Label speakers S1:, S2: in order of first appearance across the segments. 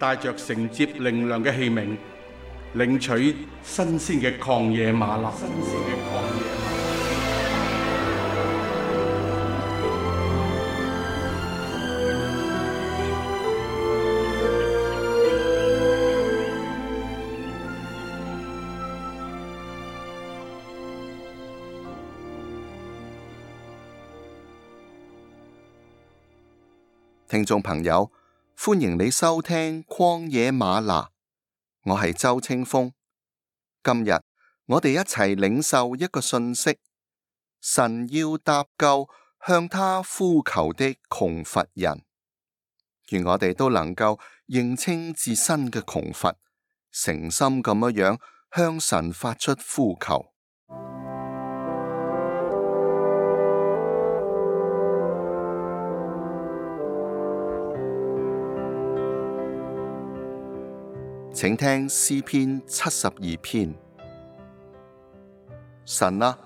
S1: 帶着承接靈糧嘅器皿，領取新鮮嘅曠野嗎哪。新鮮嘅曠野嗎哪。聽眾朋友。歡迎你收聽曠野嗎哪，我係周清風。今日我哋一齊領受一個訊息：神要搭救向祂呼求的窮乏人。願我哋都能夠認清自身嘅窮乏，誠心咁樣樣向神發出呼求。請聽詩篇七十二篇。神啊，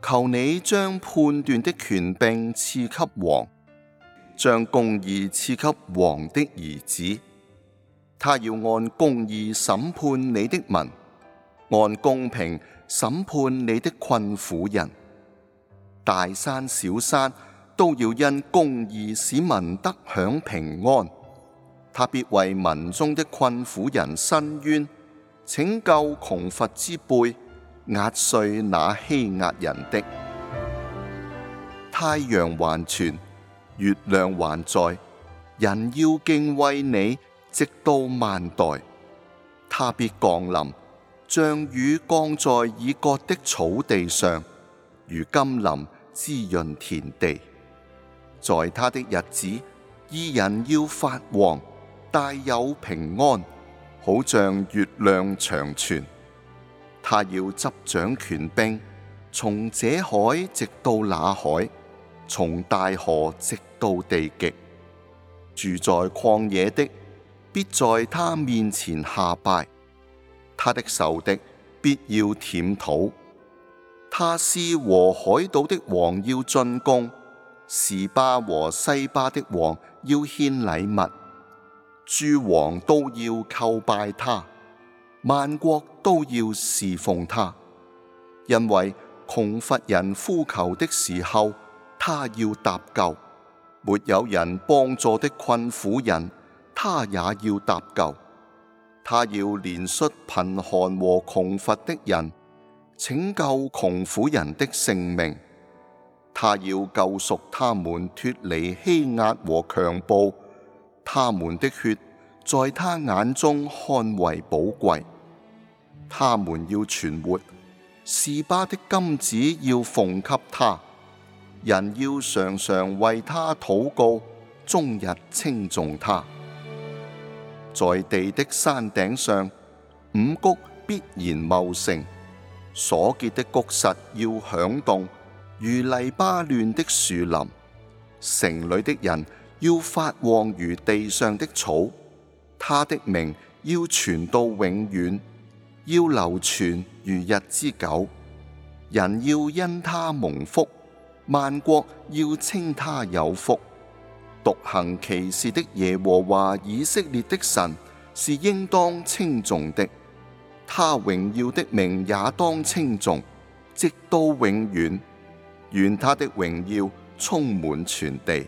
S1: 求你將判斷的權柄賜給王，將公義賜給王的兒子。他要按公義審判你的民，按公平審判你的困苦人。大山小山都要因公義使民得享平安。他必為民中的困苦人伸冤，拯救窮乏之輩，壓碎那欺壓人的。太陽還存，月亮還在，人要敬畏你，直到萬代。他必降臨，像雨降在已割的草地上，如甘霖滋潤田地。在他的日子，義人要發旺。大有平安，好像月亮長存。他要執掌權柄，從這海直到那海，從大河直到地極。住在曠野的，必在他面前下拜；他的仇敵必要舔土。他施和海島的王要進攻，示巴和西巴的王要獻禮物。諸王都要叩拜他，萬國都要侍奉他，因為窮乏人呼求的時候，他要搭救；沒有人幫助的困苦人，他也要搭救。他要憐恤貧寒和窮乏的人，拯救窮苦人的性命。他要救贖他們脫離欺壓和強暴。他們的血在他眼中看為寶貴，他們要存活，示巴的金子要奉給他，人要常常為他禱告，終日稱頌他。在地的山頂上，五穀必然茂盛，所結的穀實要響動，如黎巴嫩的樹林，城裏的人。要發旺如地上的草，他的名要傳到永遠，要流傳如日之久。人要因他蒙福，萬國要稱他有福。獨行其事的耶和華以色列的神是應當稱頌的，他榮耀的名也當稱頌，直到永遠。願他的榮耀充滿全地。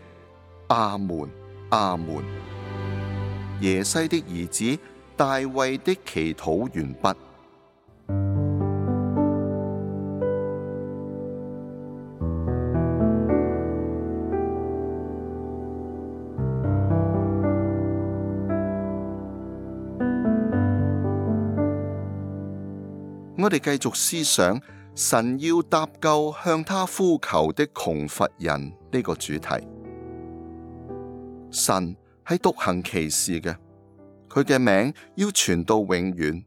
S1: 阿門，阿門。耶西的兒子大衛的祈禱完畢。 我哋繼續思想神要搭救向他呼求的窮乏人呢、這個主題。神係獨行奇事嘅，佢嘅名要傳到永遠。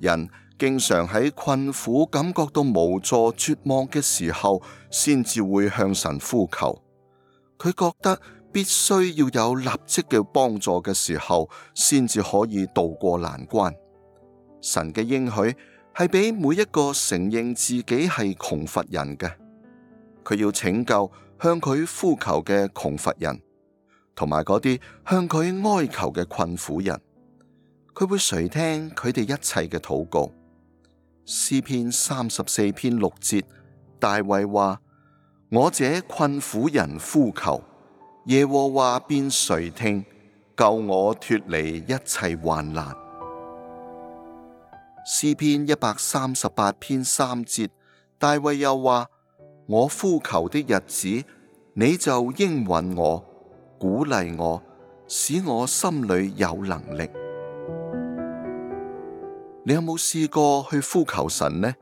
S1: 人經常喺困苦、感覺到無助、絕望嘅時候，先至會向神呼求。佢覺得必須要有立即嘅幫助嘅時候，先至可以渡過難關。神嘅應許係俾每一個承認自己係窮乏人嘅，佢要拯救向佢呼求嘅窮乏人，同埋嗰啲向佢哀求嘅困苦人，佢會垂聽佢哋一切嘅禱告。詩篇三十四篇六節，大衛話：我這困苦人呼求，耶和華便垂聽，救我脱離一切患難。詩篇一百三十八篇三節，大衛又話：我呼求的日子，你就應允我。鼓勵我，使我心裏有能力。你有冇試過去呼求神呢？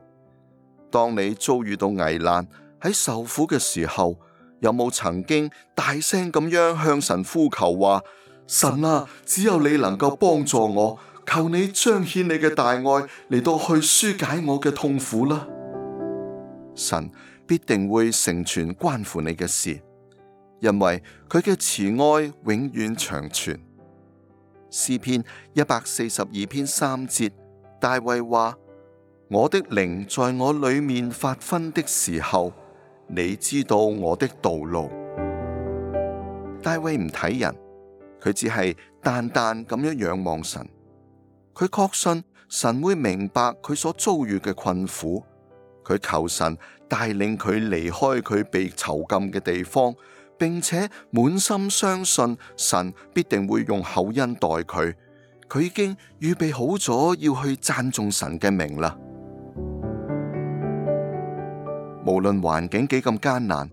S1: 當你遭遇到危難，喺受苦嘅時候，有冇曾經大聲咁樣向神呼求，話神啊，只有你能夠幫助我，求你彰顯你嘅大愛嚟到去紓解我嘅痛苦啦。神必定會成全關乎你嘅事。因為佢嘅慈愛永遠長存。詩篇一百四十二篇三節，大衛話：我的靈在我裏面發昏的時候，你知道我的道路。大衛唔睇人，佢只係單單咁樣仰望神。佢確信神會明白佢所遭遇嘅困苦，佢求神帶領佢離開佢被囚禁嘅地方。並且滿心相信神必定會用厚恩待佢，佢已經預備好咗要去讚頌神嘅名啦。 無論環境幾咁艱難，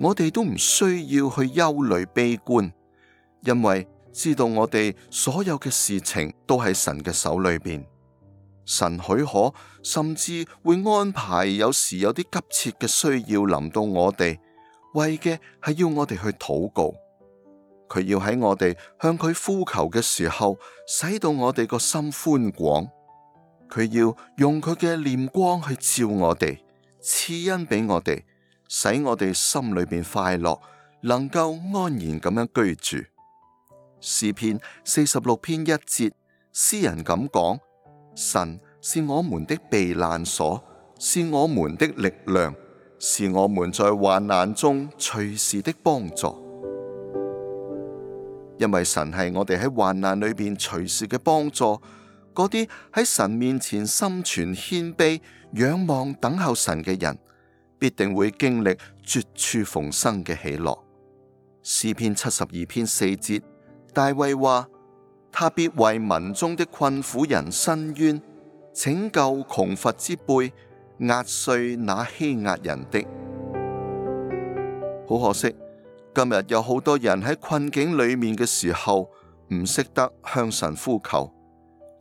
S1: 我哋都唔需要去憂慮悲觀，因為知道我哋所有嘅事情都喺神嘅手裏邊，神許可甚至會安排有時有啲急切嘅需要臨到我哋。為嘅係要我哋去禱告，佢要喺我哋向佢呼求嘅時候，使到我哋個心寬廣。佢要用佢嘅念光去照我哋，賜恩俾我哋，使我哋心裏面快樂，能夠安然咁樣居住。詩篇四十六篇一節，詩人咁講：神是我們的避難所，是我們的力量。是我們在患難中隨時的幫助，因為神係我哋喺患難裏邊隨時嘅幫助。嗰啲喺神面前心存謙卑、仰望等候神嘅人，必定會經歷絕處逢生嘅喜樂。詩篇七十二篇四節，大衛話：他必為民中的困苦人申冤，拯救窮乏之輩。壓碎那欺壓人的。好可惜，今日有好多人喺困境裏面嘅時候，唔識得向神呼求，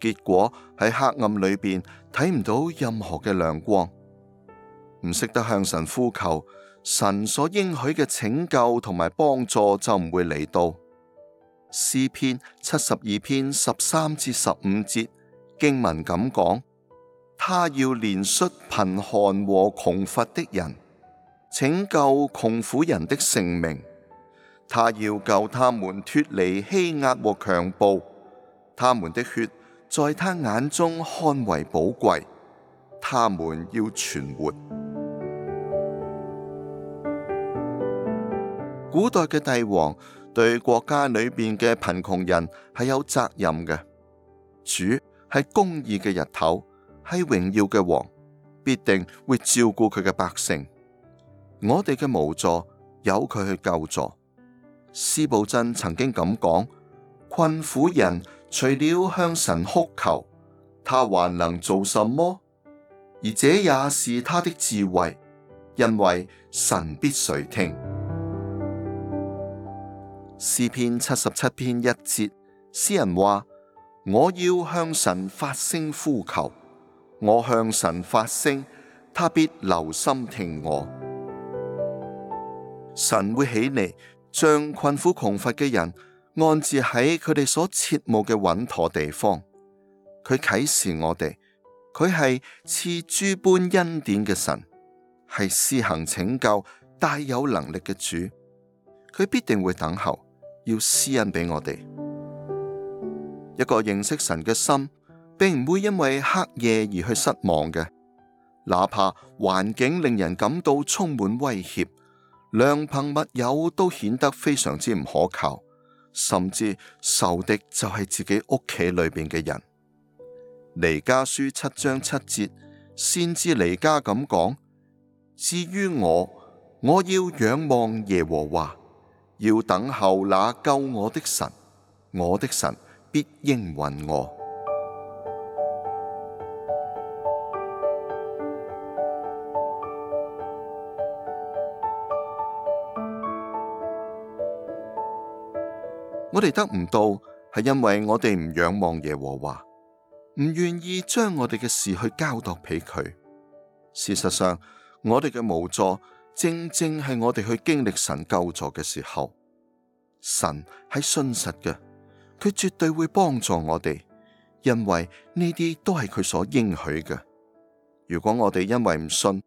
S1: 結果喺黑暗裏邊睇唔到任何嘅亮光。唔識得向神呼求，神所應許嘅拯救同埋幫助就唔會嚟到。詩篇七十二篇十三至十五節，經文咁講。他要憐恤貧寒和窮乏的人，拯救窮苦人的性命。他要救他們脫離欺壓和強暴，他們的血在他眼中看為寶貴。他們要存活。 古代嘅帝王對國家裏邊嘅貧窮人係有責任嘅。主係公義嘅日頭。係榮耀嘅王必定會照顧佢嘅百姓，我哋嘅無助由佢去救助。司布真曾經咁講：困苦人除了向神哭求，他還能做什麼？而這也是他的智慧，因為神必垂聽。詩篇七十七篇一節，詩人話：我要向神發聲呼求。我向神發聲，他必留心聽我。神會起嚟，將困苦窮乏嘅人安置喺佢哋所切慕嘅穩妥地方。佢啟示我哋，佢係賜諸般恩典嘅神，係施行拯救、大有能力嘅主。佢必定會等候，要施恩俾我哋。一個認識神嘅心，並唔會因為黑夜而去失望嘅，哪怕環境令人感到充滿威脅，良朋密友都顯得非常之唔可靠，甚至仇敵就係自己屋企裏邊嘅人。彌迦書七章七節，先知彌迦咁講，至於我，我要仰望耶和華，要等候那救我的神，我的神必應允我。我哋得唔到，係因為我哋唔仰望耶和華，唔願意將我哋嘅事去交託俾佢。事實上，我哋嘅無助，正正係我哋去經歷神救助嘅時候。神係信實嘅，佢絕對會幫助我哋，因為呢啲都係佢所應許嘅。如果我哋因為唔信，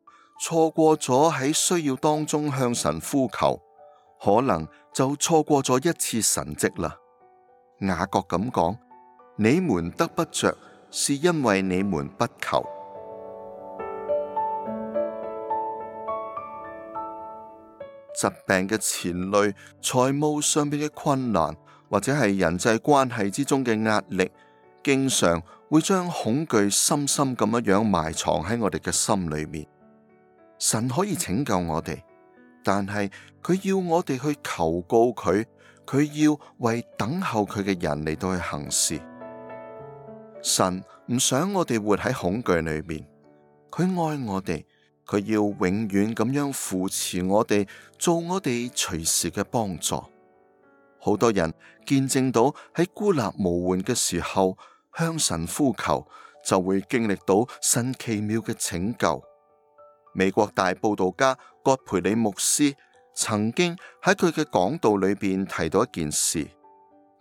S1: 錯過咗喺需要當中向神呼求。可能就錯過咗一次神迹啦。雅各咁講：你們得不着，是因為你們不求。疾 病嘅前累、財務上面嘅困難，或者係人際關係之中嘅壓力，經常會將恐懼深深咁樣樣埋藏喺我哋嘅心裏面。神可以拯救我哋。但係佢要我哋去求告佢，佢要為等候佢嘅人嚟到去行事。神唔想我哋活喺恐懼裏面，佢愛我哋，佢要永遠咁樣扶持我哋，做我哋隨時嘅幫助。好多人見證到喺孤立無援嘅時候向神呼求，就會經歷到神奇妙嘅拯救。美國大布道家葛培理牧師曾經喺佢嘅講道裏邊提到一件事，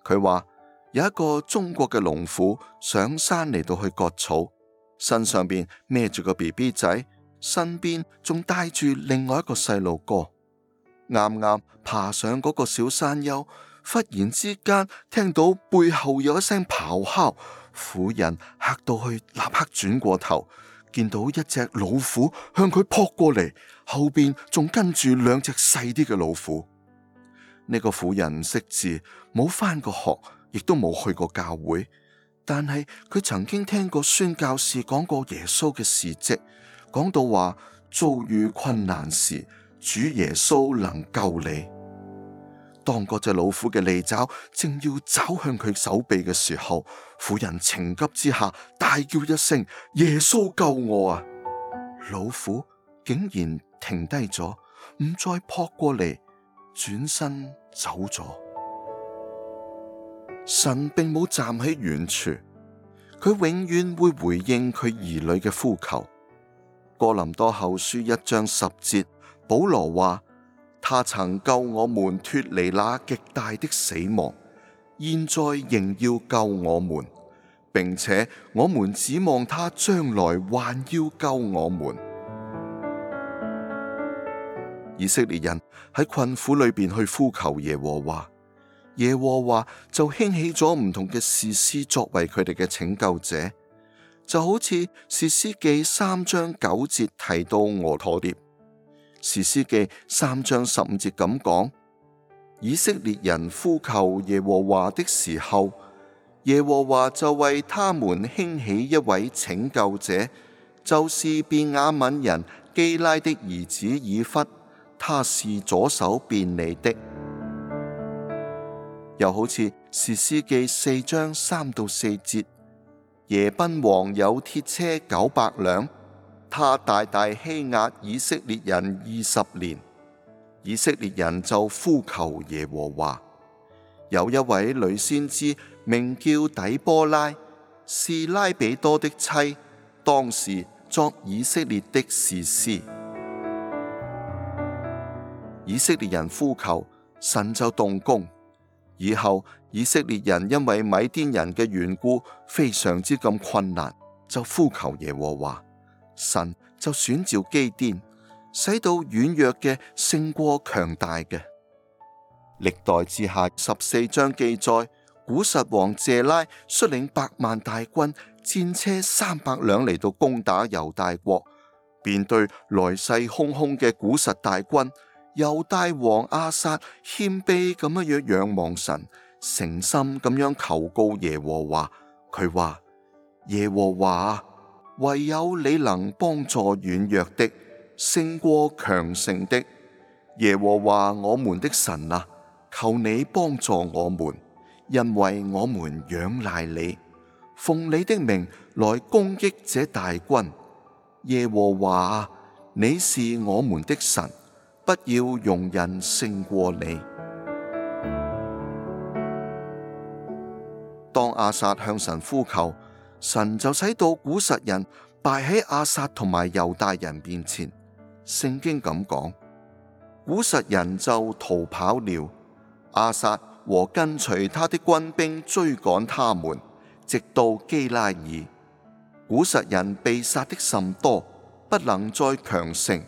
S1: 佢話有一個中國嘅農婦上山嚟到去割草，身上邊孭住個 B B 仔，身邊仲帶住另外一個細路哥，啱啱爬上嗰個小山丘，忽然之間聽到背後有一聲咆哮，婦人吓到去，立刻轉過頭。見到一隻老虎向佢撲過嚟，後邊仲跟住兩隻細啲嘅老虎。呢、這個婦人唔識字，冇返過學，亦都冇去過教會，但係佢曾經聽過宣教士講過耶穌嘅事蹟，講到話遭遇困難時，主耶穌能救你。當嗰隻老虎嘅利爪正要走向佢手臂嘅時候，婦人情急之下大叫一聲：耶穌救我啊！老虎竟然停低咗，唔再撲過嚟，轉身走咗。神並冇站喺遠處，佢永遠會回應佢兒女嘅呼求。哥林多後書一章十節，保羅話：他曾救我們脫離那極大的死亡，現在仍要救我們，並且我們指望他將來還要救我們。 以色列人喺困苦裏邊去呼求耶和華，耶和華就興起咗唔同嘅士師作為佢哋嘅拯救者，就好似士師記三章九節提到俄陀聶。士師記三章十五節咁講：以色列人呼求耶和華的時候，耶和華就為他們興起一位拯救者，就是便雅憫人基拉的兒子以笏，他是左手便利的。又好似士師記四章三到四節：耶賓王有鐵車九百輛。他大大欺壓以色列人二十年，以色列人就呼求耶和華。有一位女先知名叫底波拉，是拉比多的妻，當時作以色列的士師。以色列人呼求神就動工。以後以色列人因為米甸人嘅緣故非常之咁困難，就呼求耶和華。神就選召基奠，使到軟弱嘅勝過強大嘅。歷代之下十四章記載，古實王謝拉率領百萬大軍，戰車三百輛嚟到攻打猶大國。面對來勢洶洶嘅古實大軍，猶大王阿薩謙卑咁樣樣仰望神，誠心咁樣求告耶和華。佢話：耶和華。唯有你能幫助軟弱的，勝過強盛的。耶和華我們的神啊，求你幫助我們，因為我們仰賴你，奉你的名來攻擊這大軍。耶和華，你是我們的神，不要容忍勝過你。當亞撒向神呼求。神就使到古實人敗喺亞撒同埋猶大人面前，聖經咁講，古實人就逃跑了，亞撒和跟隨他的軍兵追趕他們，直到基拉耳，古實人被殺的甚多，不能再強盛，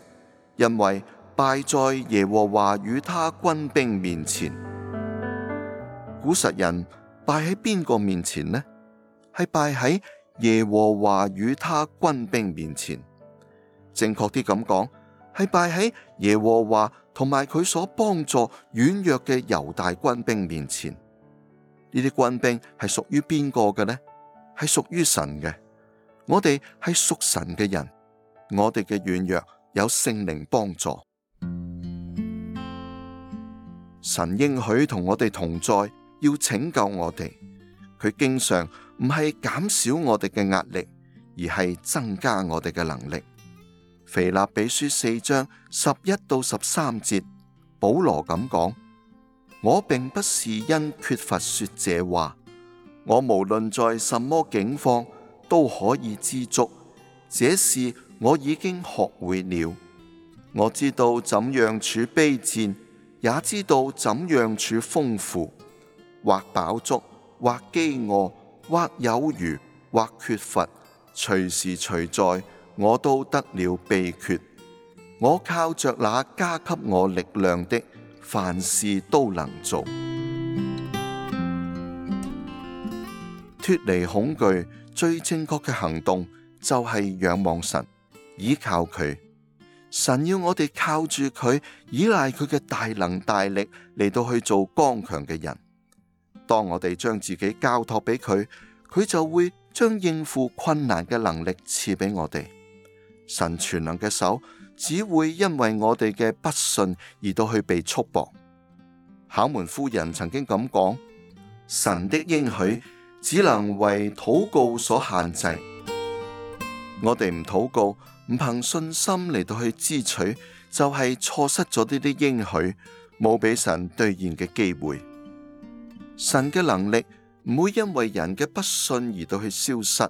S1: 因為敗在耶和華與他軍兵面前。古實人敗喺邊個面前呢？.係拜喺耶和華與他軍兵面前，正確啲咁講，係拜喺耶和華同埋佢所幫助軟弱嘅猶大軍兵面前。呢啲軍兵係屬於邊個嘅呢？係屬於神嘅。我哋係屬神嘅人，我哋嘅軟弱有聖靈幫助。神應許同我哋同在，要拯救我哋。佢經常。唔係減少我哋嘅壓力，而係增加我哋嘅能力。腓立比書四章十一到十三節，保羅咁講： 我並不是因缺乏說這話，我無論在什麼境況都可以知足，這是我已經學會了。我知道怎樣處卑賤，也知道怎樣處豐富，或飽足，或飢餓。或有餘，或缺乏，隨時隨在，我都得了祕訣。我靠着那加給我力量的，凡事都能做。脫離 恐懼，最正確嘅行動，就係仰望神，倚靠佢。神要我哋靠住佢，依賴佢嘅大能大力，嚟到去做剛強嘅人。當我哋將自己交託俾佢，佢就會將應付困難嘅能力賜俾我哋。神全能嘅手只會因為我哋嘅不信而到去被束縛。考門夫人曾經咁講：神的應許只能為禱告所限制。我哋唔禱告，唔憑信心嚟到去支取，就係錯失咗呢啲應許，冇俾神兌現嘅機會。神嘅能力唔會因為人嘅不信而到去消失，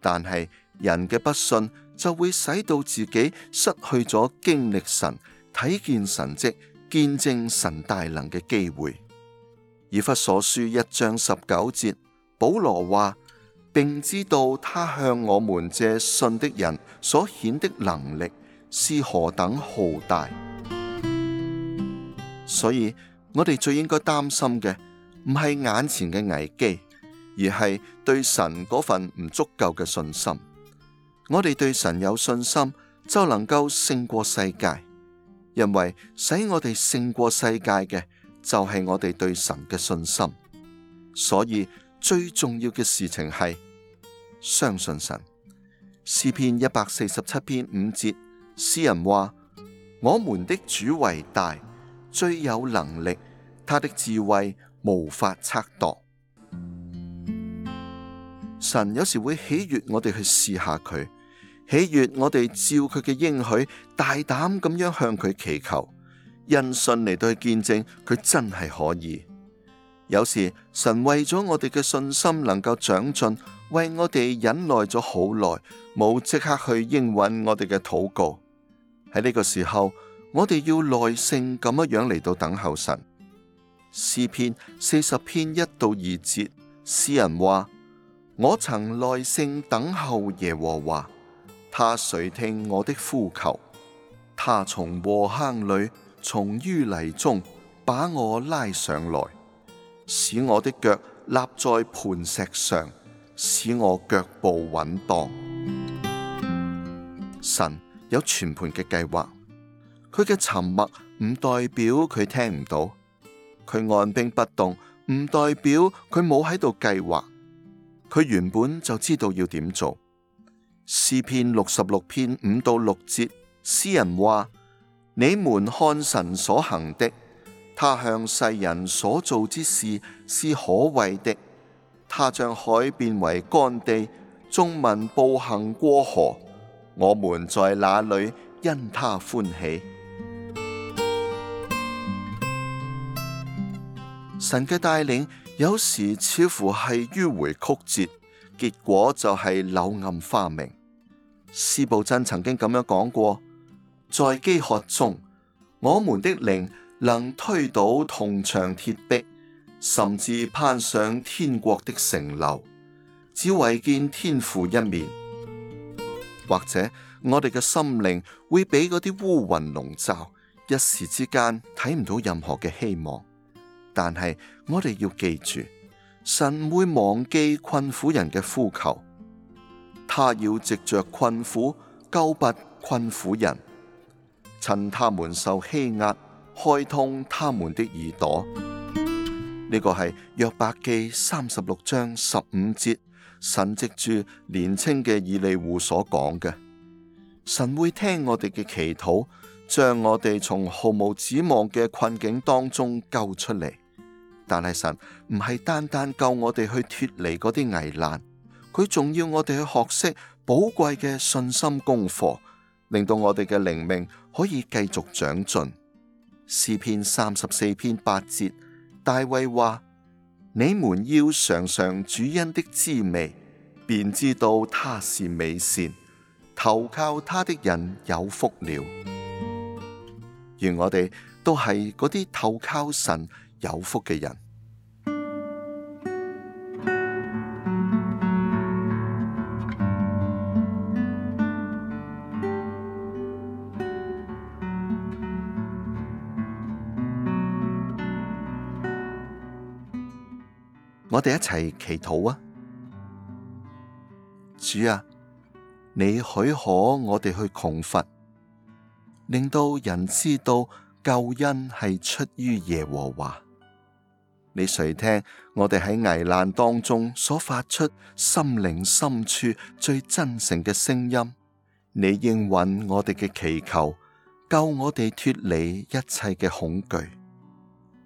S1: 但係人嘅不信就會使到自己失去咗經歷神、睇見神蹟、見證神大能嘅機會。以弗所書一章十九節，保羅話，並知道他向我們這信的人所顯的能力是何等浩大。所以我哋最應該擔心嘅。唔係眼前嘅危機，而係對神嗰份唔足夠嘅信心。我哋對神有信心就能夠勝過世界，因為使我哋勝過世界嘅就係我哋對神嘅信心。所以最重要嘅事情係相信神。詩篇一百四十七篇五節，詩人話：我們的主為大，最有能力，他的智慧。無法測度。神有時會喜悅我哋去試下佢，喜悅我哋照佢嘅應許大膽咁樣向佢祈求，因信嚟到去見證佢真係可以。有時神為咗我哋嘅信心能夠長進，為我哋忍耐咗好耐，冇即刻去應允我哋嘅禱告。喺呢個時候，我哋要耐性咁樣樣嚟到等候神。詩篇四十篇一到二節，詩人話：我曾耐性等候耶和華，他垂聽我的呼求。他從禍坑裏，從淤泥中把我拉上來，使我的腳立在磐石上，使我腳步穩當。神有全盤嘅計劃，佢嘅沉默唔代表佢聽唔到。佢按兵不動，唔代表佢冇喺度計劃。佢原本就知道要點做。詩篇六十六篇五到六節，詩人話：你們看神所行的，他向世人所做之事是可畏的。他將海變為乾地，眾民步行過河。我們在那裏因他歡喜。神嘅帶領有時似乎係迂回曲折，結果就係柳暗花明。司布真曾經咁樣講過：在饑渴中，我們的靈能推倒銅牆鐵壁，甚至攀上天國的城樓，只為見天父一面；或者我哋嘅心靈會俾嗰啲烏雲籠罩，一時之間睇唔到任何嘅希望。但係我哋要記住，神會忘記困苦人嘅呼求，他要藉着困苦救拔困苦人，趁他們受欺壓，開通他們的耳朵。呢個係約伯記三十六章十五節，神藉住年輕嘅以利戶所講嘅，神會聽我哋嘅祈禱，將我哋從毫無指望嘅困境當中救出嚟。但係神唔係單單救我哋去脱離嗰啲危難，佢仲要我哋去學識寶貴嘅信心功課，令到我哋嘅靈命可以繼續長進。詩篇三十四篇八節，大衛話：你們要嘗嘗主恩的滋味，便知道他是美善，投靠他的人有福了。願我哋都係嗰啲投靠神。有福嘅人，我哋一齊祈禱啊！主啊，你許可我哋去窮乏，令到人知道救恩係出於耶和華。你垂聽我哋喺危難當中所發出心靈深處最真誠嘅聲音，你應允我哋嘅祈求，救我哋脱離一切嘅恐懼。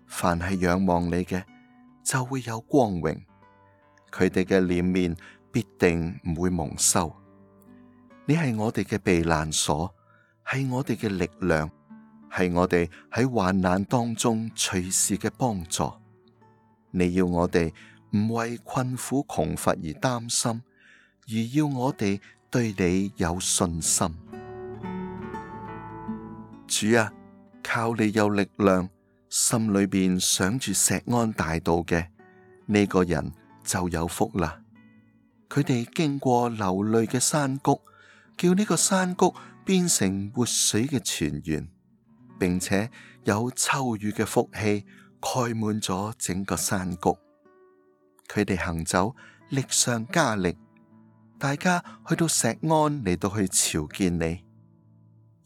S1: 凡係仰望你嘅，就會有光榮，佢哋嘅臉面必定唔會蒙羞。你係我哋嘅避難所，係我哋嘅力量，係我哋喺患難當中隨時嘅幫助。你要我哋唔為困苦窮乏而擔心，而要我哋對你有信心。主啊，靠你有力量，心裏邊想住石安大道嘅呢個人就有福啦。佢哋經過流淚嘅山谷，叫呢個山谷變成活水嘅泉源，並且有秋雨嘅福氣。蓋滿咗整個山谷，佢哋行走力上加力，大家去到錫安嚟，到去朝見你，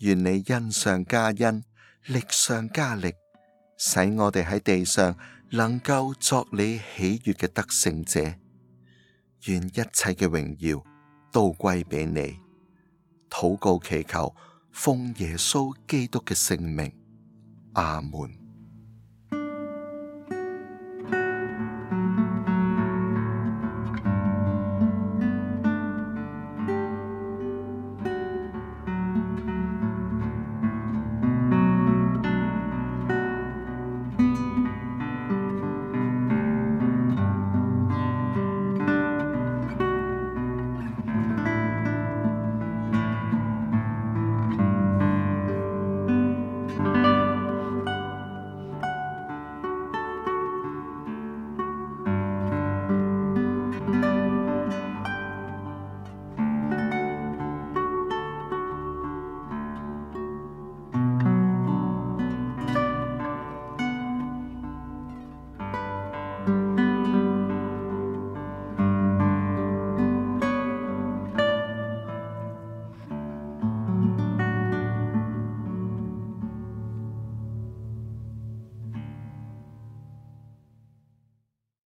S1: 願你恩上加恩，力上加力，使我哋喺地上能夠作你喜悅嘅得勝者，願一切嘅榮耀都歸俾你，禱告祈求，奉耶穌基督嘅聖名，阿門。